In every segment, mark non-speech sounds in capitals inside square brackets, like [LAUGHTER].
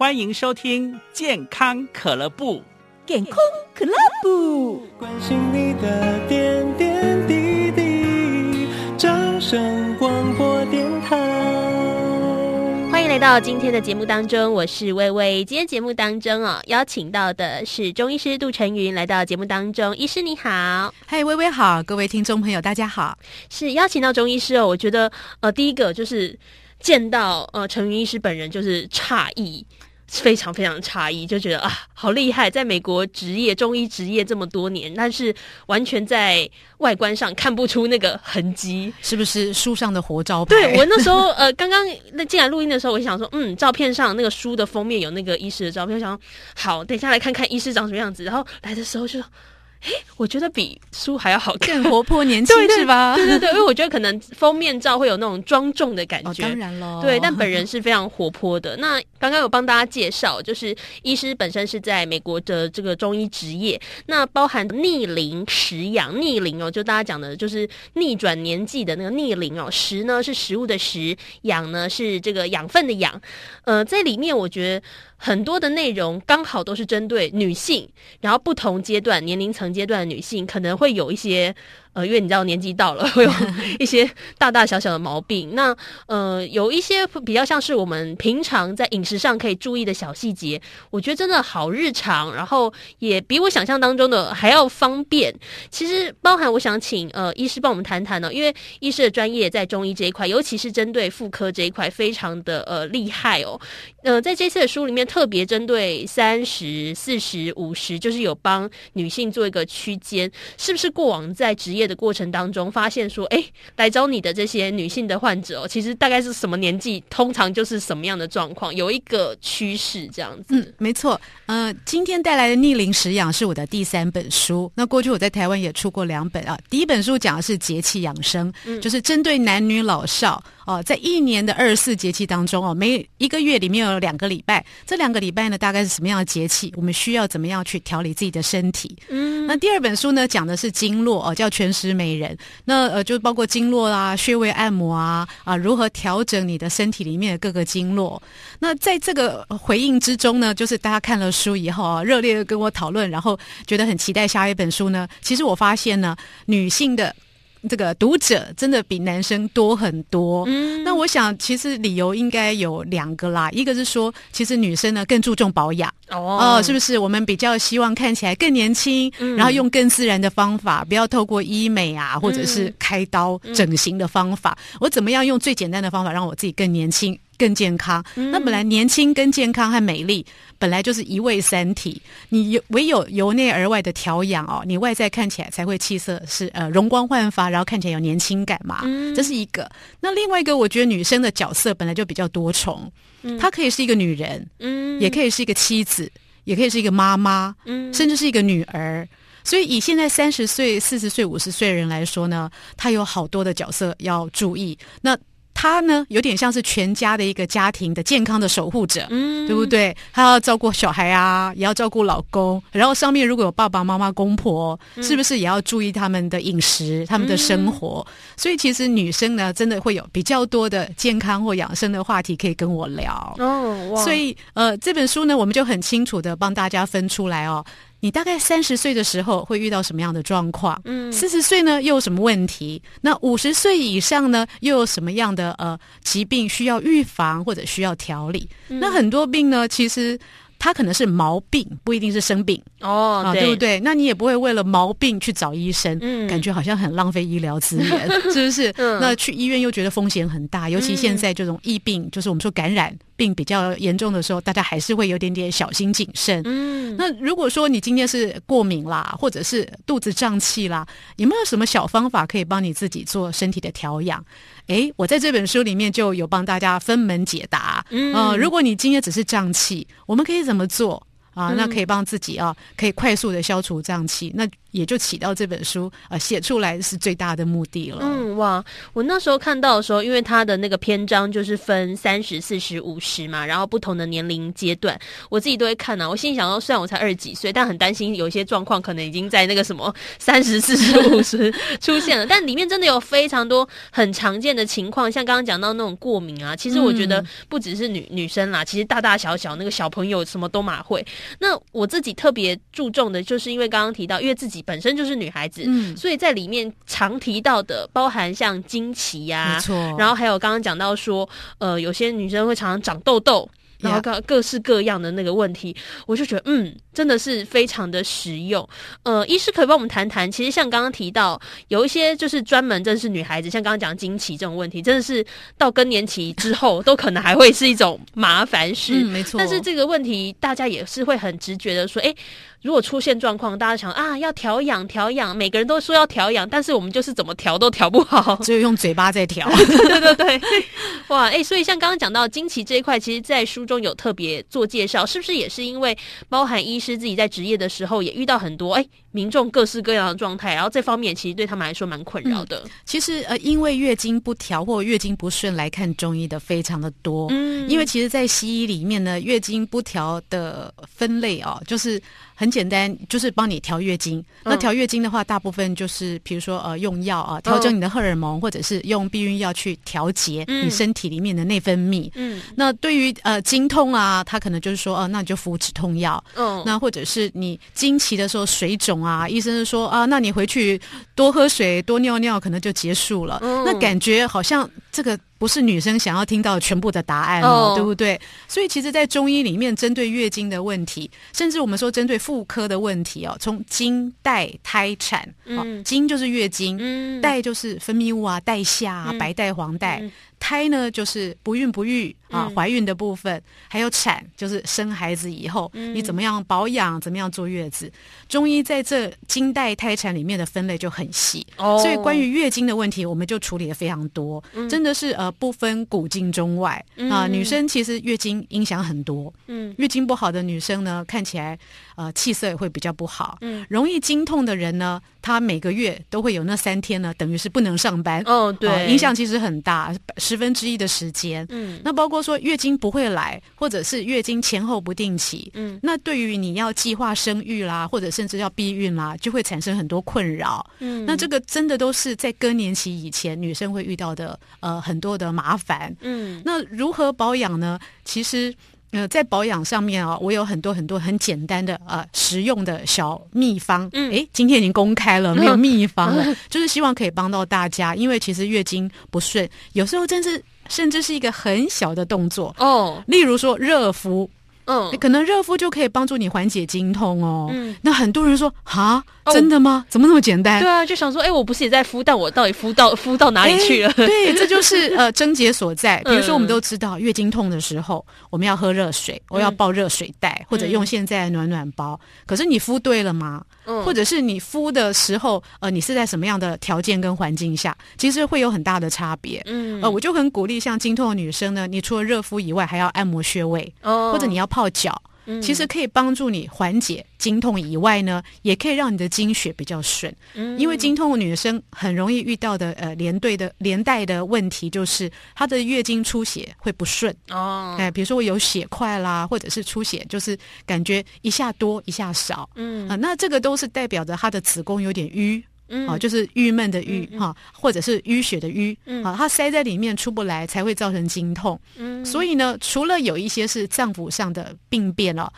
歡迎收聽健康俱樂部，健康俱樂部，關心你的點點滴滴，掌聲廣播電台。歡迎來到今天的節目當中，我是薇薇。今天節目當中哦，邀請到的是中醫師杜承蕓，來到節目當中，醫師你好，嗨薇薇好，各位聽眾朋友大家好。是邀請到中醫師哦，我覺得呃，第一個就是見到呃，承蕓醫師本人就是詫異。非常非常詫異，就覺得啊，好厲害！在美國執業，中醫執業這麼多年，但是完全在外觀上看不出那個痕跡，是不是書上的活招牌？對我那時候呃，剛剛那進來錄音的時候，我想說，嗯，照片上那個書的封面有那個醫師的照片，我想說好，等一下來看看醫師長什麼樣子。然後來的時候就說。我覺得比書還要好看，更活潑、年輕對，是吧？對對對，因為我覺得可能封面照會有那種莊重的感覺，哦、當然嘍。對，但本人是非常活潑的。 [LAUGHS] 那剛剛有幫大家介紹，就是醫師本身是在美國的這個中醫職業，那包含逆齡食養，逆齡哦，就大家講的就是逆轉年紀的那個逆齡哦。食呢是食物的食，養呢是這個養分的養。呃，在裡面我覺得很多的內容剛好都是針對女性，然後不同階段、年齡層。階段的女性可能會有一些。呃，因為你知道年紀到了，會有一些大大小小的毛病。 [LAUGHS] 那，呃，有一些比較像是我們平常在飲食上可以注意的小細節，我覺得真的好日常，然後也比我想象當中的還要方便。其實，包含我想請呃醫師幫我們談談哦，因為醫師的專業在中醫這一塊，尤其是針對婦科這一塊，非常的呃厲害哦。呃，在這次的書裡面，特別針對三十、四十、五十，就是有幫女性做一個區間，是不是過往在職業業的過程當中，發現說，哎、欸，來找你的這些女性的患者哦，其實大概是什麼年紀，通常就是什麼樣的狀況，有一個趨勢這樣子。嗯，沒錯。呃，今天帶來的《逆齡食養》是我的第三本書。那過去我在台灣也出過兩本啊。第一本書講的是節氣養生，嗯、就是針對男女老少哦、啊，在一年的二十四節氣當中哦、啊，每一個月裡面有兩個禮拜，這兩個禮拜呢，大概是什麼樣的節氣，我們需要怎麼樣去調理自己的身體？嗯。那第二本書呢，講的是經絡哦、啊，叫全。師美人，那呃，就包括經絡啦、啊、穴位按摩啊，啊，如何調整你的身體裡面的各個經絡。那在這個回應之中呢，就是大家看了書以後啊，熱烈的跟我討論，然後覺得很期待下一本書呢。其實我發現呢，女性的。這個讀者真的比男生多很多。嗯，那我想其實理由應該有兩個啦。一個是說，其實女生呢更注重保養哦。哦，是不是？我們比較希望看起來更年輕，嗯，然後用更自然的方法，不要透過醫美啊或者是開刀整形的方法。嗯，我怎麼樣用最簡單的方法讓我自己更年輕？更健康，嗯、那本來年輕、跟健康和美麗，本來就是一位三體。你唯有由內而外的調養哦，你外在看起來才會氣色是呃容光煥發，然後看起來有年輕感嘛。嗯、這是一個。那另外一個，我覺得女生的角色本來就比較多重，嗯、她可以是一個女人，嗯，也可以是一個妻子，也可以是一個媽媽，嗯、甚至是一個女兒。所以以現在三十歲、四十歲、五十歲的人來說呢，她有好多的角色要注意。那她呢，有點像是全家的一個家庭的健康的守護者，嗯、對不對？她要照顧小孩啊，也要照顧老公，然後上面如果有爸爸媽媽、公婆，嗯、是不是也要注意他們的飲食、他們的生活？嗯、所以其實女生呢，真的會有比較多的健康或養生的話題可以跟我聊哦。所以呃，這本書呢，我們就很清楚的幫大家分出來哦。你大概三十歲的時候會遇到什麼樣的狀況？嗯，四十歲呢又有什麼問題？那五十歲以上呢又有什麼樣的呃疾病需要預防或者需要調理？嗯、那很多病呢其實它可能是毛病，不一定是生病哦，啊、對，對不對？那你也不會為了毛病去找醫生，嗯、感覺好像很浪費醫療資源， [LAUGHS] 是不是？嗯、那去醫院又覺得風險很大，尤其現在這種疫病，嗯、就是我們說感染。病比較嚴重的時候，大家還是會有點點小心謹慎。嗯，那如果說你今天是過敏啦，或者是肚子脹氣啦，有沒有什麼小方法可以幫你自己做身體的調養？哎，欸，我在這本書裡面就有幫大家分門解答。嗯，呃，如果你今天只是脹氣，我們可以怎麼做？啊，那可以幫自己啊，可以快速的消除脹氣，那也就起到這本書啊寫出來是最大的目的了。嗯，哇，我那時候看到的時候，因為他的那個篇章就是分三十、四十、五十嘛，然後不同的年齡階段，我自己都會看啊。我心裡想說，雖然我才二十幾歲，但很擔心有一些狀況可能已經在那個什麼三十、四十、五十出現了。但裡面真的有非常多很常見的情況，像剛剛講到那種過敏啊，其實我覺得不只是女女生啦，其實大大小小那個小朋友什麼都馬會。那我自己特別注重的，就是因為剛剛提到，因為自己本身就是女孩子，嗯、所以在裡面常提到的，包含像經期呀，沒錯然後還有剛剛講到說，呃，有些女生會常常長痘痘，然後各各式各樣的那個問題，Yeah. 我就覺得嗯。真的是非常的實用。呃，醫師可以幫我們談談。其實像剛剛提到，有一些就是專門真是女孩子，像剛剛講的經期這種問題，真的是到更年期之後， [LAUGHS] 都可能還會是一種麻煩事。嗯、沒錯，但是這個問題大家也是會很直覺的說，哎、欸，如果出現狀況，大家想啊，要調養，調養，每個人都說要調養，但是我們就是怎麼調都調不好，只有用嘴巴在調。 [LAUGHS] [LAUGHS] 對，對對對，哇，哎、欸，所以像剛剛講到經期這一塊，其實，在書中有特別做介紹，是不是也是因為包含醫。其實自己在職業的時候，也遇到很多哎。欸民眾各式各樣的狀態，然後這方面其實對他們來說蠻困擾的，嗯。其實呃，因為月經不調或月經不順來看中醫的非常的多。嗯，因為其實，在西醫裡面呢，月經不調的分類哦，就是很簡單，就是幫你調月經。嗯，那調月經的話，大部分就是比如說呃，用藥啊，調整你的荷爾蒙，嗯，或者是用避孕藥去調節你身體裡面的內分泌。嗯，那對於呃經痛啊，他可能就是說，哦，呃，那你就服止痛藥。嗯，那或者是你經期的時候水腫。啊！醫生是說啊，那你回去多喝水、多尿尿，可能就結束了。嗯、那感覺好像這個不是女生想要聽到的全部的答案哦，哦對不對？所以其實，在中醫裡面，針對月經的問題，甚至我們說針對婦科的問題哦，從經、帶、胎、產，嗯、哦，經就是月經，嗯，帶就是分泌物啊，帶下、啊、嗯、白帶、黃帶、嗯。胎呢，就是不孕不育啊，懷孕的部分，嗯、還有產，就是生孩子以後，嗯、你怎麼樣保養，怎麼樣坐月子，中醫在這經帶胎產裡面的分類就很細，哦、所以關於月經的問題，我們就處理得非常多，嗯、真的是呃不分古今中外啊，女生其實月經影響很多，嗯，月經不好的女生呢，看起來。呃，氣色也會比較不好。嗯，容易經痛的人呢，他每個月都會有那三天呢，等於是不能上班。哦，對哦，影響其實很大，十分之一的時間。嗯，那包括說月經不會來，或者是月經前後不定期。嗯，那對於你要計劃生育啦，或者甚至要避孕啦，就會產生很多困擾。嗯，那這個真的都是在更年期以前女生會遇到的呃很多的麻煩。嗯，那如何保養呢？其實。呃，在保養上面啊，我有很多很多很簡單的呃實用的小秘方。嗯誒，今天已經公開了，沒有秘方了，嗯、就是希望可以幫到大家。因為其實月經不順，有時候甚至甚至是一個很小的動作哦。例如說熱敷，嗯、哦，可能熱敷就可以幫助你緩解經痛哦。嗯、那很多人說哈啊、真的嗎？怎麼那麼簡單？對啊，就想說，哎、欸，我不是也在敷，但我到底敷到敷到哪裡去了？欸、對，這就是呃症結所在。比如說，我們都知道、嗯、月經痛的時候，我們要喝熱水，我要抱熱水袋，嗯、或者用現在暖暖包。嗯、可是你敷對了嗎？嗯、或者是你敷的時候，呃，你是在什麼樣的條件跟環境下，其實會有很大的差別。嗯，呃，我就很鼓勵像經痛的女生呢，你除了熱敷以外，還要按摩穴位，哦、或者你要泡腳。其實可以幫助你緩解經痛以外呢，也可以讓你的經血比較順。嗯，因為經痛的女生很容易遇到的呃連對的連帶的問題就是她的月經出血會不順哦，哎、呃，比如說我有血塊啦，或者是出血就是感覺一下多一下少，嗯啊、呃，那這個都是代表着她的子宮有點瘀。啊、嗯哦，就是鬱悶的鬱哈，嗯嗯、或者是淤血的淤，啊、嗯哦，它塞在裡面出不來，才會造成經痛。嗯、所以呢，除了有一些是臟腑上的病變了、哦，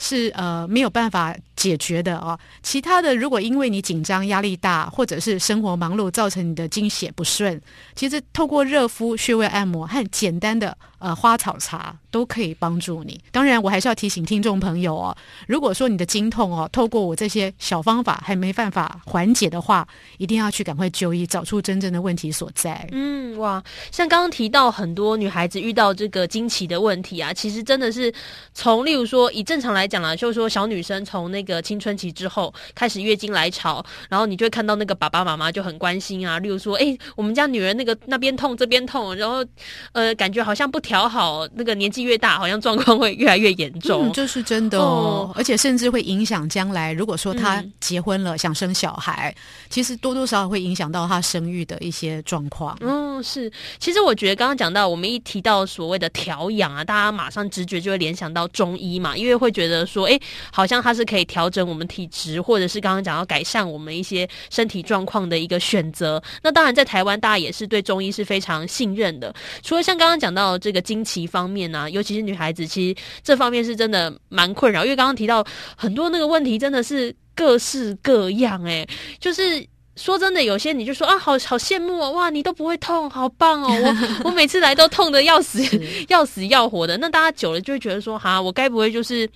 是呃沒有辦法。解決的哦，其他的如果因為你緊張、壓力大，或者是生活忙碌造成你的經血不順，其實透過熱敷、穴位按摩和簡單的呃花草茶都可以幫助你。當然，我還是要提醒聽眾朋友哦，如果說你的經痛哦，透過我這些小方法還沒辦法緩解的話，一定要去趕快就醫，找出真正的問題所在。嗯，哇，像剛剛提到很多女孩子遇到這個經期的問題啊，其實真的是從例如說以正常來講啊，就是說小女生從那個。個青春期之後開始月經來潮，然後你就會看到那個爸爸媽媽就很關心啊，例如說，哎、欸，我們家女兒那個那邊痛這邊痛，然後，呃，感覺好像不調好，那個年紀越大，好像狀況會越來越嚴重、嗯，這是真的哦。哦而且甚至會影響將來，如果說她結婚了、嗯、想生小孩，其實多多少少會影響到她生育的一些狀況。嗯，是。其實我覺得剛剛講到，我們一提到所謂的調養啊，大家馬上直覺就會聯想到中醫嘛，因為會覺得說，哎、欸，好像它是可以。調整我們體質，或者是剛剛講要改善我們一些身體狀況的一個選擇。那當然，在台灣，大家也是對中醫是非常信任的。除了像剛剛講到這個經期方面呢，啊，尤其是女孩子，其實這方面是真的蠻困擾。因為剛剛提到很多那個問題，真的是各式各樣，欸。哎，就是說真的，有些你就說啊，好好羨慕啊，哦，哇，你都不會痛，好棒哦！ [LAUGHS] 我我每次來都痛得要死是要死要活的。那大家久了就會覺得說，哈，我該不會就是，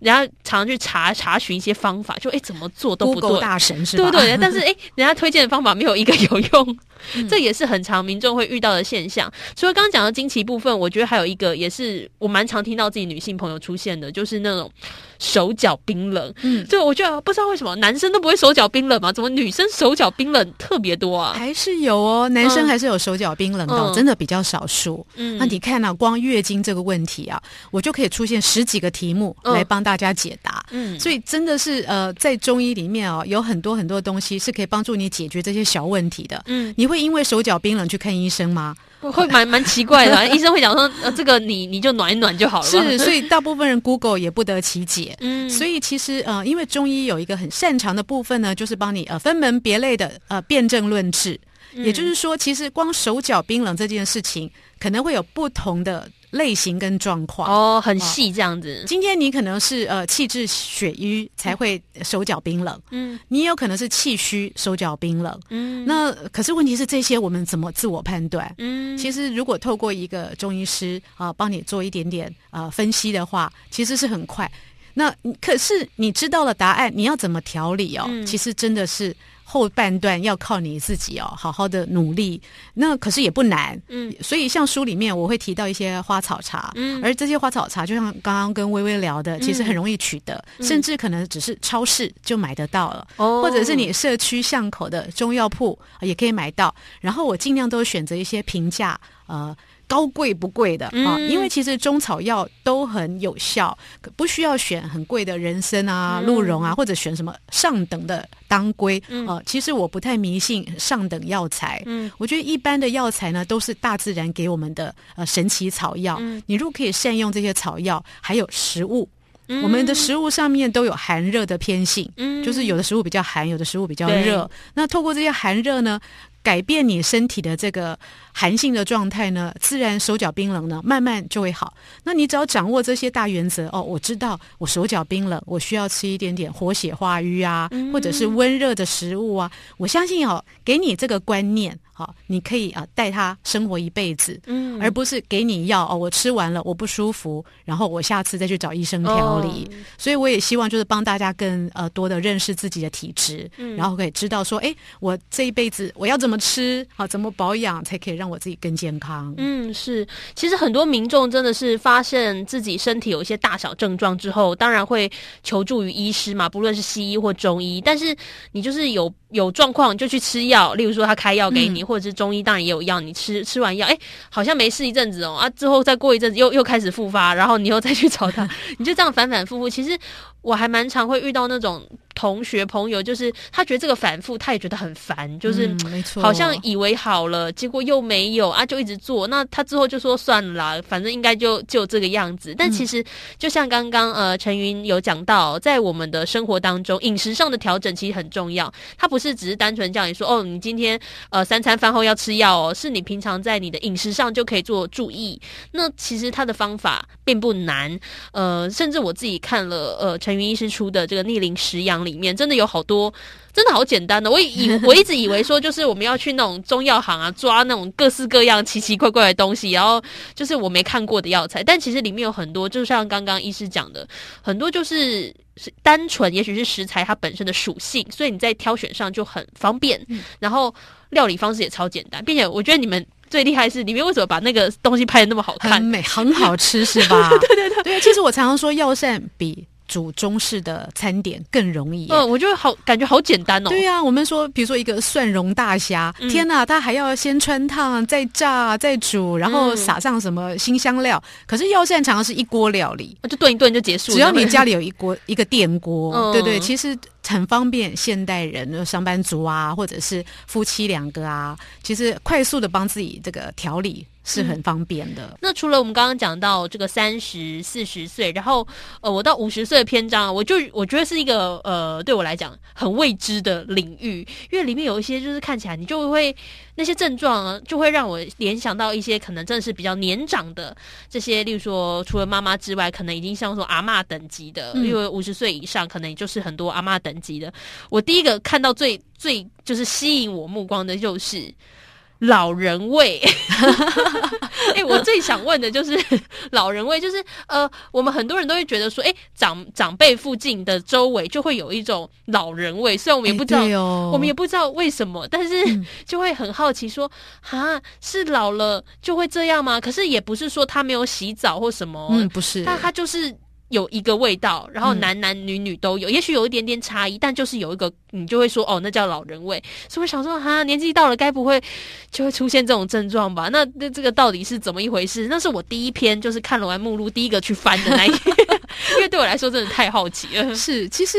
人家常去查查詢一些方法，就哎、欸、怎麼做都不做 Google 大神是不是？對對，但是哎、欸，人家推薦的方法沒有一個有用。嗯、這也是很常民眾會遇到的現象。除了剛剛講的經期部分，我覺得還有一個也是我蠻常聽到自己女性朋友出現的，就是那種手腳冰冷。嗯，就我覺得不知道為什麼男生都不會手腳冰冷嗎？怎麼女生手腳冰冷特別多啊？還是有哦，男生還是有手腳冰冷的，嗯、真的比較少數。嗯，那你看啊，光月經這個問題啊，我就可以出現十幾個題目來幫大家解答。嗯，嗯，所以真的是呃，在中醫裡面哦、啊，有很多很多東西是可以幫助你解決這些小問題的。嗯，你。會因為手腳冰冷去看醫生嗎？會蠻蠻奇怪的，啊， [LAUGHS] 醫生會講說呃、啊，這個你你就暖一暖就好了。是，所以大部分人 Google 也不得其解。嗯，所以其實呃，因為中醫有一個很擅長的部分呢，就是幫你呃分門別類的呃辨證論治。嗯、也就是說，其實光手腳冰冷這件事情，可能會有不同的。類型跟狀況哦，很細這樣子。今天你可能是呃氣滯血瘀才會手腳冰冷，嗯，你也有可能是氣虛手腳冰冷，嗯。那可是問題是這些我們怎麼自我判斷？嗯，其實如果透過一個中醫師啊幫、呃、你做一點點啊、呃、分析的話，其實是很快。那可是你知道了答案，你要怎麼調理哦？嗯、其實真的是。後半段要靠你自己哦，好好的努力。那可是也不難，嗯。所以像書裡面我會提到一些花草茶，嗯。而這些花草茶，就像剛剛跟薇薇聊的，其實很容易取得，嗯、甚至可能只是超市就買得到了，哦、嗯。或者是你社區巷口的中藥鋪、呃、也可以買到。然後我盡量都選擇一些平價，呃。高貴不貴的啊，嗯、因為其實中草藥都很有效，不需要選很貴的人參啊、鹿茸、嗯、啊，或者選什麼上等的當歸啊、嗯呃。其實我不太迷信上等藥材，嗯、我覺得一般的藥材呢，都是大自然給我們的呃神奇草藥。嗯、你如果可以善用這些草藥，還有食物，嗯、我們的食物上面都有寒熱的偏性，嗯、就是有的食物比較寒，有的食物比較熱。對那透過這些寒熱呢，改變你身體的這個寒性的狀態呢，自然手腳冰冷呢，慢慢就會好。那你只要掌握這些大原則哦，我知道我手腳冰冷，我需要吃一點點活血化瘀啊，或者是溫熱的食物啊。嗯嗯。我相信哦，給你這個觀念，好、哦，你可以啊帶、呃、他生活一輩子，嗯，而不是給你藥哦。我吃完了我不舒服，然後我下次再去找醫生調理。哦、所以我也希望就是幫大家更呃多的認識自己的體質，嗯，然後可以知道說，哎，我這一輩子我要怎。怎麼吃好，怎麼保養才可以讓我自己更健康？嗯，是，其實很多民眾真的是發現自己身體有一些大小症狀之後，當然會求助於醫師嘛，不論是西醫或中醫。但是你就是有有狀況，你就去吃藥，例如說他開藥給你，嗯、或者是中醫當然也有藥，你吃吃完藥，哎、欸，好像沒事一陣子哦啊，之後再過一陣子又又開始複發，然後你又再去找他， [LAUGHS] 你就這樣反反复覆其實我還蠻常會遇到那種。同學朋友，就是他覺得這個反覆，他也覺得很煩，就是沒錯，好像以為好了，結果又沒有啊，就一直做。那他之後就說算了，反正應該就就這個樣子。但其實就像剛剛呃承蕓有講到，在我們的生活當中，飲食上的調整其實很重要。他不是只是單純叫你說哦，你今天呃三餐飯後要吃藥哦，是你平常在你的飲食上就可以做注意。那其實他的方法並不難，呃，甚至我自己看了呃承蕓醫師出的這個《逆齡食養》。裡面真的有好多，真的好簡單的。我以我一直以為說，就是我們要去那種中藥行啊，抓那種各式各樣奇奇怪怪的東西，然後就是我沒看過的藥材。但其實裡面有很多，就像剛剛醫師講的，很多就是單純，也許是食材它本身的屬性，所以你在挑選上就很方便。然後料理方式也超簡單，並且我覺得你們最厲害的是裡面為什麼把那個東西拍得那麼好看，很美，很好吃是吧？ [LAUGHS] 對對對，對，對啊。其實我常常說藥膳比。煮中式的餐點更容易，哦，我覺得好，感覺好簡單哦。對啊，我們說，比如說一個蒜蓉大蝦，嗯、天吶、啊、它還要先汆燙，再炸，再煮，然後撒上什麼辛香料。嗯、可是藥膳常常是一鍋料理，就燉一燉就結束。只要你家裡有一鍋 [LAUGHS] 一個電鍋，嗯、對，對對，其實很方便。現代人上班族啊，或者是夫妻兩個啊，其實快速的幫自己這個調理是很方便的。嗯、那除了我們剛剛講到這個三十四十歲，然後呃，我到五十歲的篇章，我就我覺得是一個呃，對我來講很未知的領域，因為裡面有一些就是看起來你就會那些症狀啊，就會讓我聯想到一些可能真的是比較年長的這些，例如說除了媽媽之外，可能已經像說阿嬤等級的，嗯、因為五十歲以上可能也就是很多阿嬤等級的。我第一個看到最最就是吸引我目光的就是。老人味，哎、 [LAUGHS] 欸，我最想問的就是 [LAUGHS] 老人味，就是呃，我們很多人都會覺得說，哎、欸，長長輩附近的周圍就會有一種老人味，雖然我們也不知道，欸哦、我們也不知道為什麼，但是就會很好奇說，哈、嗯，是老了就會這樣嗎？可是也不是說他沒有洗澡或什麼，嗯，不是，但他就是。有一個味道，然後男男女女都有，嗯、也許有一點點差異，但就是有一個，你就會說哦，那叫老人味。所以我想說，哈，年紀到了，該不會就會出現這種症狀吧？那那這個到底是怎麼一回事？那是我第一篇，就是看了完目錄第一個去翻的那一篇， [LAUGHS] [LAUGHS] 因為對我來說真的太好奇了。是，其實。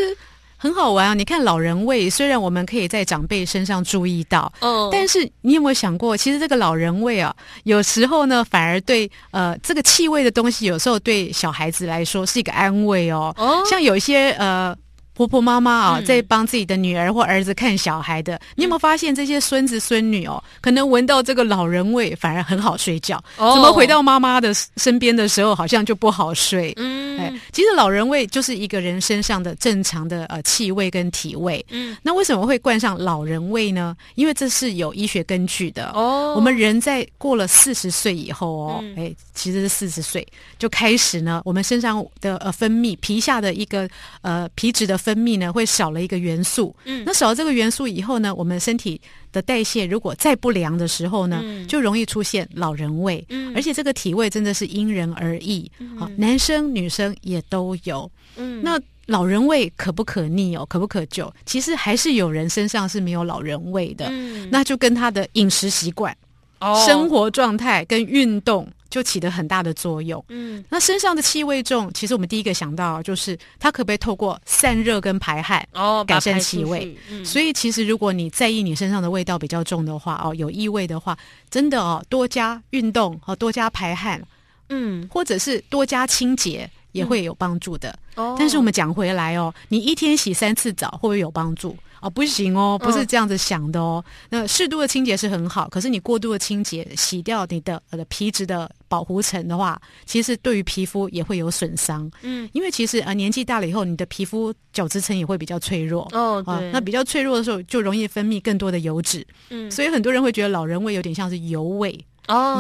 很好玩啊，哦！你看老人味，雖然我們可以在長輩身上注意到，哦，oh. 但是你有沒有想過，其實這個老人味啊，有時候呢，反而對呃這個氣味的東西，有時候對小孩子來說是一個安慰哦。Oh. 像有一些呃。婆婆媽媽啊，在幫自己的女兒或兒子看小孩的，嗯、你有沒有發現這些孫子孫女哦，可能聞到這個老人味，反而很好睡覺。哦、怎麼回到媽媽的身邊的時候，好像就不好睡？嗯，哎、欸，其實老人味就是一個人身上的正常的呃氣味跟體味。嗯，那為什麼會冠上老人味呢？因為這是有醫學根據的。哦，我們人在過了四十歲以後哦，哎、嗯欸，其實是四十歲就開始呢，我們身上的呃分泌皮下的一個呃皮脂的分泌分泌呢會少了一個元素，嗯，那少了這個元素以後呢，我們身體的代謝如果再不良的時候呢，嗯，就容易出現老人味，嗯，而且這個體味真的是因人而異，嗯，男生女生也都有，嗯，那老人味可不可逆哦？可不可救？其實還是有人身上是沒有老人味的，嗯，那就跟他的飲食習慣、哦，生活狀態跟運動。就起了很大的作用。嗯，那身上的氣味重，其實我們第一個想到就是它可不可以透過散熱跟排汗哦，改善氣味。嗯，所以其實如果你在意你身上的味道比較重的話，哦，有異味的話，真的哦，多加運動和，哦，多加排汗，嗯，或者是多加清潔也會有幫助的。嗯，哦，但是我們講回來哦，你一天洗三次澡會不會有幫助？哦，不行哦，不是這樣子想的哦。哦，那適度的清潔是很好，可是你過度的清潔，洗掉你的呃皮質的保護層的話，其實對於皮膚也會有損傷。嗯，因為其實啊、呃、年紀大了以後，你的皮膚角質層也會比較脆弱。哦、對、啊，那比較脆弱的時候，就容易分泌更多的油脂。嗯，所以很多人會覺得老人味有點像是油味。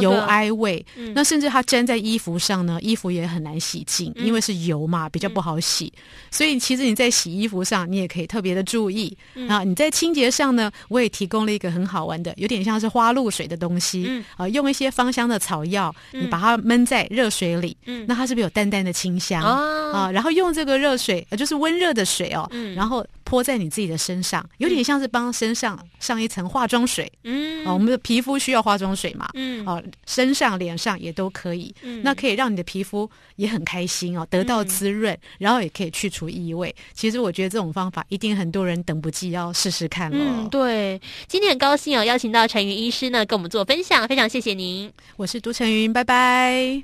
油哀味，那甚至它粘在衣服上呢，衣服也很難洗淨，因為是油嘛，比較不好洗。所以其實你在洗衣服上，你也可以特別的注意啊。你在清潔上呢，我也提供了一個很好玩的，有點像是花露水的東西啊，用一些芳香的草藥，你把它悶在熱水裡，那它是不是有淡淡的清香啊？然後用這個熱水，就是溫熱的水哦，然後。潑在你自己的身上，有點像是幫身上上一層化妝水。嗯、哦，我們的皮膚需要化妝水嘛？嗯，哦，身上、臉上也都可以。嗯，那可以讓你的皮膚也很開心哦，得到滋潤，嗯、然後也可以去除異味。其實我覺得這種方法一定很多人等不及要試試看嘍、嗯。對，今天很高興啊、哦，邀請到承蕓醫師呢，跟我們做分享，非常謝謝您。我是杜承蕓，拜拜。